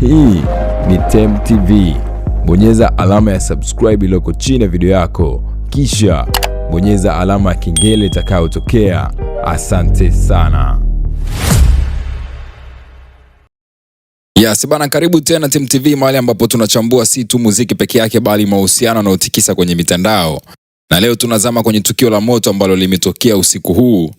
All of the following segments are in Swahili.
Hii ni Tem TV. Bonyeza alama ya subscribe iliyoko chini ya video yako, kisha bonyeza alama ya kengele itakayotokea. Asante sana. Yes, bana karibu tena Tem TV, mahali ambapo tunachambua si tu muziki peke yake, bali mahusiano yanayotikisa kwenye mitandao. Na leo tunazama kwenye tukio la moto ambalo limetokea usiku huu.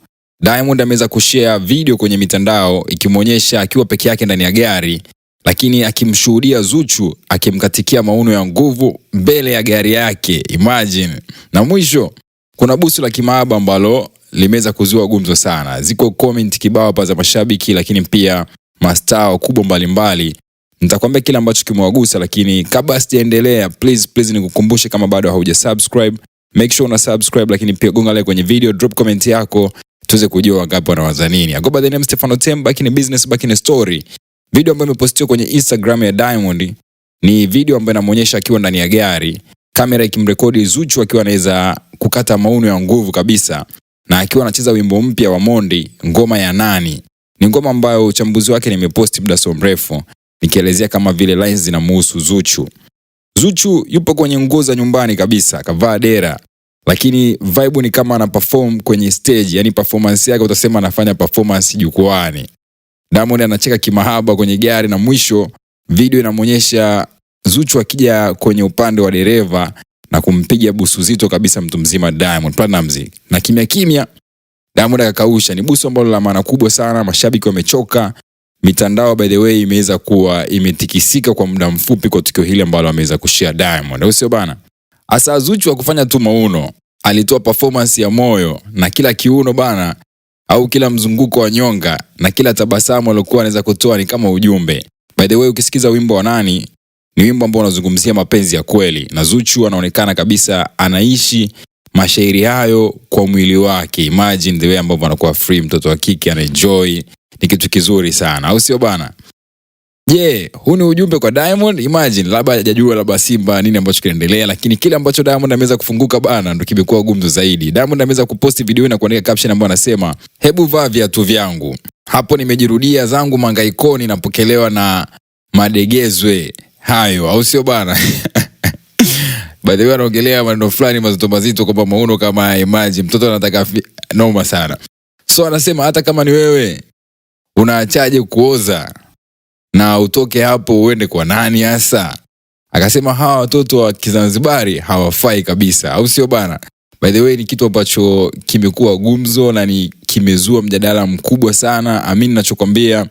Diamond ameweza kushare video kwenye mitandao ikimwonyesha akiwa peke yake ndani ya gari lakini akimshuhudia Zuchu akimkatikia mauno ya nguvu mbele ya gari yake, imagine. Na mwisho kuna busu la kimaaba ambalo limeweza kuzua gumzo sana. Ziko comment kibao hapa za mashabiki, lakini pia mastaa wakubwa mbalimbali. Nitakwambia kile ambacho kimewagusa, lakini kabla sijaendelea, please please nikukumbushe kama bado hauja subscribe, make sure una subscribe, lakini pia gonga like kwenye video, drop comment yako tuweze kujua wangapi wanawaza nini. Agoba the name Stefano Temba, back business, back in story. Video ambayo imepostiwa kwenye Instagram ya Diamond ni video ambayo inamuonyesha akiwa ndani ya gari, kamera ikimrekodi Zuchu akiwa anaweza kukata maunu ya nguvu kabisa, na akiwa anacheza wimbo mpya wa Mondi, ngoma ya nani. Ni ngoma ambayo uchambuzi wake nimeposti muda so mrefu, nikielezea kama vile lines zinamuhusu Zuchu. Zuchu yupo kwenye nguo za nyumbani kabisa, kavaa dera, lakini vibe ni kama ana perform kwenye stage, yani performance yake utasema anafanya performance jukwaani. Diamond anacheka kimahaba kwenye gari na mwisho video inamwonyesha Zuchu akija kwenye upande wa dereva na kumpiga busu zito kabisa mtu mzima Diamond Platinumz. na kimya kimya Diamond akakausha. Ni busu ambalo la maana kubwa sana, mashabiki wamechoka. Mitandao by the way imeweza kuwa imetikisika kwa muda mfupi kwa tukio hili ambalo ameweza kushare Diamond, au sio bana? Asa Zuchu akufanya tu mauno, alitoa performance ya moyo na kila kiuno bana au kila mzunguko wa nyonga na kila tabasamu aliokuwa anaweza kutoa ni kama ujumbe. By the way, ukisikiza wimbo wa nani, ni wimbo ambao unazungumzia mapenzi ya kweli, na Zuchu anaonekana kabisa anaishi mashairi hayo kwa mwili wake. Imagine the way ambavyo anakuwa free, mtoto wa kike anaenjoy, ni kitu kizuri sana, au sio bana? Je, yeah, huu ni ujumbe kwa Diamond? Imagine labda hajajua labda Simba nini ambacho kinaendelea, lakini kile ambacho Diamond ameweza kufunguka bana ndo kimekuwa gumzo zaidi. Diamond ameweza kuposti video na kuandika caption ambayo anasema hebu vaa viatu vyangu hapo, nimejirudia zangu mangaikoni, napokelewa na madegezwe hayo, au sio bana? By the way, anaongelea maneno fulani mazito mazito kwamba mauno kama imagine mtoto anataka noma sana, so anasema hata kama ni wewe unaachaje kuoza na utoke hapo uende kwa nani hasa? Akasema hawa watoto wa Kizanzibari hawafai kabisa, au sio bana? By the way, ni kitu ambacho kimekuwa gumzo na ni kimezua mjadala mkubwa sana, amini nachokwambia,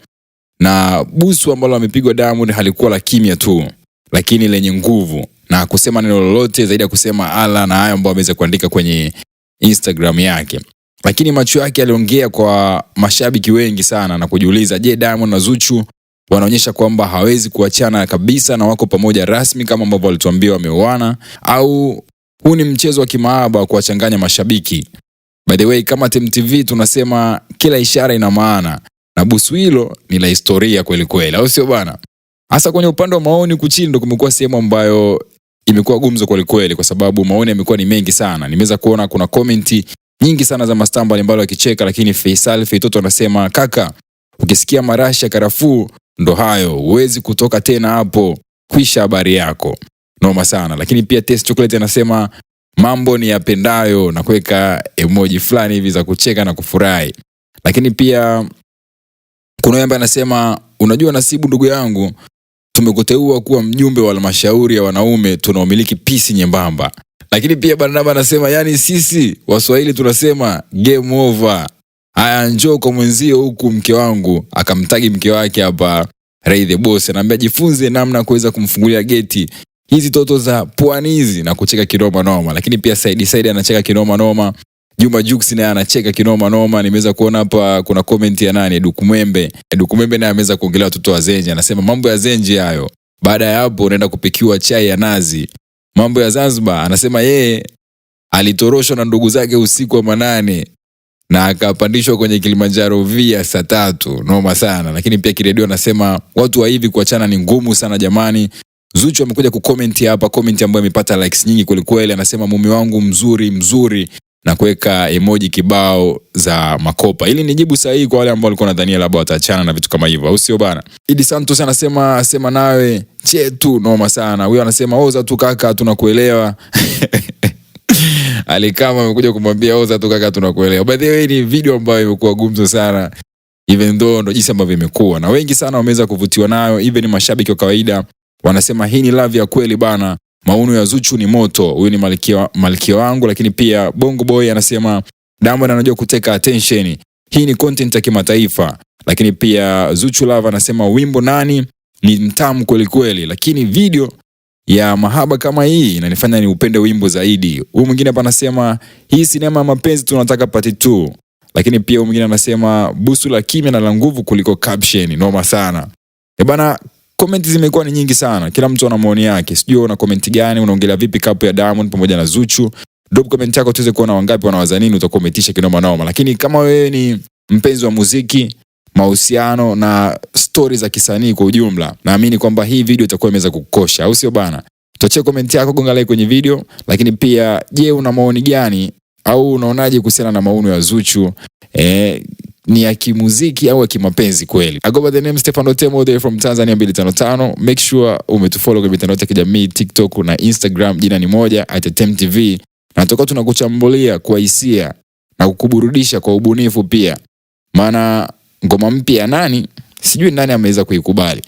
na busu ambalo amepigwa Diamond halikuwa la kimya tu, lakini lenye nguvu na kusema neno lolote zaidi ya kusema ala na hayo ambayo ameweza kuandika kwenye Instagram yake. Lakini macho yake aliongea kwa mashabiki wengi sana na kujiuliza, je, Diamond na Zuchu wanaonyesha kwamba hawezi kuachana kabisa na wako pamoja rasmi kama ambavyo walituambia wameoana, au huu ni mchezo wa kimaaba wa kuwachanganya mashabiki. By the way, kama TemuTV tunasema kila ishara ina maana, na busu hilo ni la historia kweli kweli, au sio bana? Hasa kwenye upande wa maoni, kuchindo kumekuwa sehemu ambayo imekuwa gumzo kweli kweli, kwa sababu maoni yamekuwa ni mengi sana. Nimeweza kuona kuna komenti nyingi sana za mastaa mbalimbali wakicheka, lakini Faisal Feitoto anasema kaka, ukisikia marashi ya karafuu Ndo hayo, huwezi kutoka tena hapo. Kwisha habari yako. Noma sana. Lakini pia Test Chocolate anasema mambo ni yapendayo na kuweka emoji fulani hivi za kucheka na kufurahi. Lakini pia kuna ambaye anasema unajua, Nasibu ndugu yangu, tumekuteua kuwa mjumbe wa halmashauri ya wanaume tunaomiliki pisi nyembamba. Lakini pia Barnaba anasema yani, sisi Waswahili tunasema game over haya, njoo kwa mwenzio huku mke wangu. Akamtagi mke wake hapa Ray the boss, anaambia jifunze namna kuweza kumfungulia geti hizi toto za pwani hizi, na kucheka kinoma noma. Lakini pia Saidi Saidi anacheka kinoma noma, Juma Jux naye anacheka kinoma noma. Nimeweza kuona hapa kuna comment ya nani, Dukumembe. Dukumembe naye ameweza kuongelea watoto wa Zenji, anasema mambo ya Zenji hayo. Baada ya hapo unaenda kupikiwa chai ya nazi. Mambo ya Zanzibar, anasema yeye alitoroshwa na ndugu zake usiku wa manane na akapandishwa kwenye Kilimanjaro via saa tatu. Noma sana, lakini pia Kiredio anasema watu wa hivi kuachana ni ngumu sana jamani. Zuchu amekuja kukomenti hapa, komenti ambayo imepata likes nyingi kwelikweli. Anasema mume wangu mzuri mzuri, na kuweka emoji kibao za makopa. Ili ni jibu sahihi kwa wale ambao walikuwa nadhania labda wataachana na vitu kama hivyo, au sio bana? Idi Santos anasema sema nawe chetu, noma sana huyo. Anasema oza tu kaka, tunakuelewa Alikama amekuja kumwambia oza tu kaka, tunakuelewa. By the way, ni video ambayo imekuwa gumzo sana even though ndo jinsi ambavyo imekuwa na wengi sana wameweza kuvutiwa nayo, even mashabiki wa kawaida wanasema hii ni love ya kweli bana. Maunu ya Zuchu ni moto, huyu ni malkia, malkia wangu. Lakini pia Bongo Boy anasema Diamond anajua kuteka attention, hii ni content ya kimataifa. Lakini pia Zuchu Love anasema wimbo nani ni mtamu kweli kweli, lakini video ya mahaba kama hii inanifanya ni upende wimbo zaidi. Huyu mwingine hapa anasema hii sinema ya mapenzi tunataka part tu, lakini pia huyu mwingine anasema busu la kimya na la nguvu kuliko caption. Noma sana e bana. comment zimekuwa ni nyingi sana, kila mtu ana maoni yake. Sijui una comment gani? Unaongelea vipi kapu ya Diamond pamoja na Zuchu? Drop comment yako tuweze kuona wangapi wanawaza nini, utakuwa umetisha kinoma noma. Lakini kama wewe ni mpenzi wa muziki mahusiano na stori za kisanii kwa ujumla. Naamini kwamba hii video itakuwa imeweza kukosha, au sio bana? Tuachie komenti yako, gonga like kwenye video, lakini pia je, una maoni gani au unaonaje kuhusiana na mauno ya Zuchu eh, ni ya kimuziki au ya kimapenzi kweli? I go by the name Stefano Temo there from Tanzania 255. Make sure umetufollow kwenye mitandao ya kijamii TikTok na Instagram, jina ni moja at na tutakuwa tunakuchambulia kwa hisia na kukuburudisha kwa ubunifu pia, maana ngoma mpya ya nani, sijui nani ameweza kuikubali.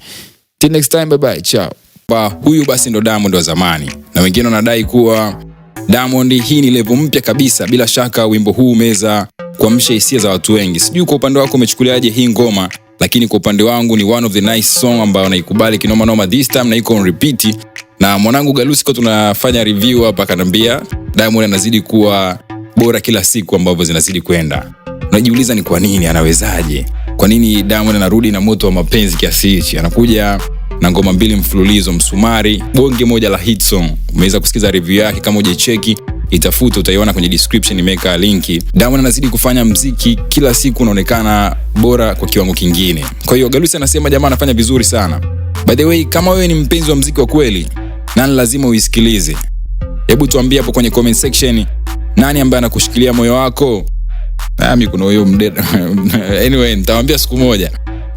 Till next time, bye bye, ciao. Ba, huyu basi ndo Diamond wa zamani, na wengine wanadai kuwa Diamond hii ni level mpya kabisa. Bila shaka wimbo huu umeweza kuamsha hisia za watu wengi. Sijui kwa upande wako umechukuliaje hii ngoma, lakini kwa upande wangu ni one of the nice song ambayo naikubali kinoma noma this time, na iko on repeat. Na mwanangu Galusi kwa tunafanya review hapa, kanambia Diamond anazidi kuwa bora kila siku ambavyo zinazidi kwenda. Unajiuliza ni kwa nini, anawezaje? Kwa nini Diamond anarudi na moto wa mapenzi kiasi hichi? Anakuja na ngoma mbili mfululizo, msumari, bonge moja la hit song. Umeweza kusikiza review yake, kama hujaicheki itafuta, utaiona kwenye description, nimeweka linki. Diamond anazidi kufanya mziki, kila siku unaonekana bora kwa kiwango kingine. Kwa hiyo Galusi anasema jamaa anafanya vizuri sana. By the way, kama wewe ni mpenzi wa mziki wa kweli, nani lazima uisikilize? Hebu tuambie hapo kwenye comment section, nani ambaye anakushikilia moyo wako? nami kuna huyo mdada anyway, nitawaambia siku moja.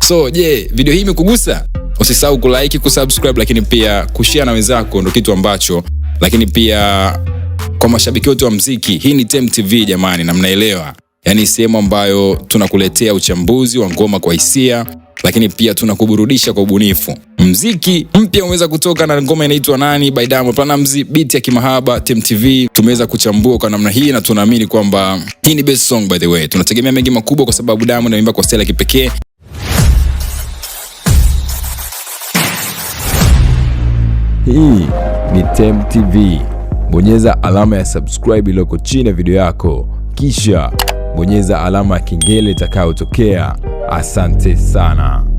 So je, yeah, video hii imekugusa? Usisahau kulike, kusubscribe, lakini pia kushare na wenzako, ndo kitu ambacho lakini pia kwa mashabiki wote wa mziki, hii ni tem TV jamani, na mnaelewa, yaani sehemu ambayo tunakuletea uchambuzi wa ngoma kwa hisia lakini pia tunakuburudisha kwa ubunifu. Mziki mpya umeweza kutoka na ngoma inaitwa nani by Diamond Platnumz, beat ya kimahaba TemuTV tumeweza kuchambua kwa namna hii, na tunaamini kwamba hii ni best song by the way. Tunategemea mengi makubwa, kwa sababu Diamond ameimba kwa style ya kipekee. Hii ni TemuTV, bonyeza alama ya subscribe iliyoko chini ya video yako kisha bonyeza alama ya kengele itakayotokea. Asante sana.